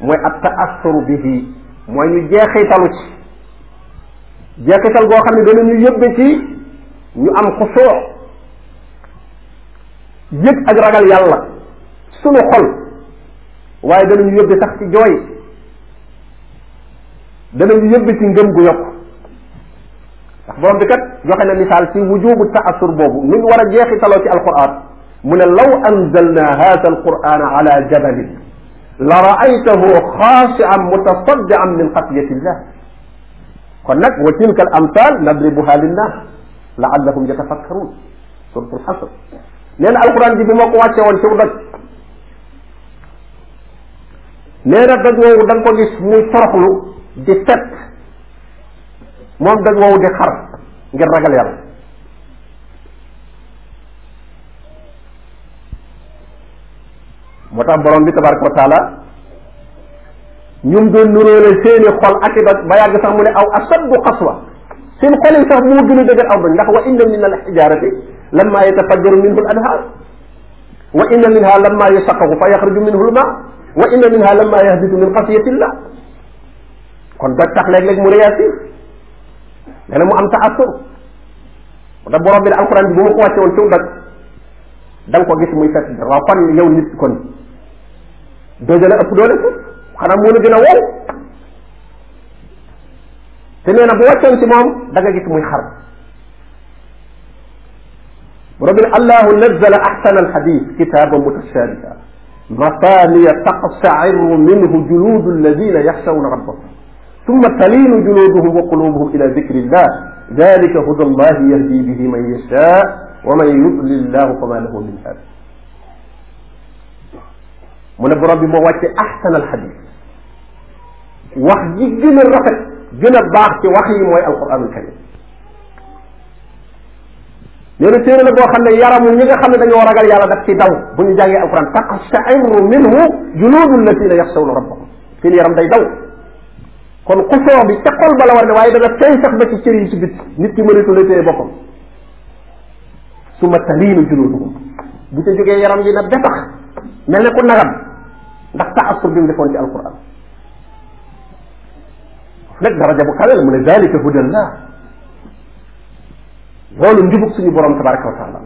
mooy ab taassuru bihi mooy ñu jeexitalu ci jeexital goo xam ne dana ñu yëbbe am xusoo yëg ak ragal yàlla sunu xol waaye dana ñu yëbbe sax ci jooy dana ñu yëbbe bi kat joxe na misaal ci wujubu taassur boobu ni mu war a jeexitaloo ci alquran mu ne law anzalna hada alquran ala jabalin la raaytahu xaasian mutasaddian min xasyatillah kon nag wa tilka al amsal nadribuha linnas laallahum yatafakkarun suratul xasr nee na alquran ji bi moo ko wàcce woon ci doj nee na doj woowu da nga ko gis muy toroxlu di set moom doj woowu di xar ngir ragal yàlla moo tax borom bi tabaraka wa taala ñum doon nuróole seeni xol ak i doj ba yàgg sax mu ne aw asaddu qaswa seen xol yi sax moo gën a dëgër aw doj ndax wa inna min al xijaarati lamma yatafajjaru minhu al anhaar wa inna minha lamma yasaqaqu fa yaxruju minhu al maa wa inna minha lamma yahbitu min xasiyatillah kon doj tax léeg-léeg mu réagir nee na mu am taasur moo tax borom bi ne alxuraan bi bu ma ko wàcce woon ci doj da nga ko gis muy fett waaw fan yow nit kon dojale ëpp doole ko xanaa moo la gën a wow te nee na bu wàccoon ci moom da nga gis muy xar borom bi ne allahu nazala axsana alxadis kitaaban mutashaabiha masaniya taqshairu minhu juludu alladina yaxshawna rabbahum summa talinu juluduhum wa qulubuhum ila dicri illah dalika huda allahi yahdi bihi man yasha wa man yudlil llahu fama lahu min hadi mu ne borom bi moo wàcce ahsanal xadis wax ji gën a rafet gën a baax ci wax yi mooy alquranul karim nee na téere la boo xam ne yaramu ñi nga xam ne dañoo ragal yàlla daf ci daw bu ñu jàngee alquran taqsha'irru minhu juluudu alladina yaxshawna rabbahum seen yaram day daw kon xusoo bi ca xol ba la war ne waaye dana feeñ sax ba ci cër yi ci bit nit ki mënatu la téye boppam suma taliinu juluuduhum bu ca jógee yaram yi na betax mel ne ku nagam ndax taasub bi mu defoon ci alquran nag daraja bu kawe la mu ne dalika hudallah loolu njubug suñu borom tabaraka wa taala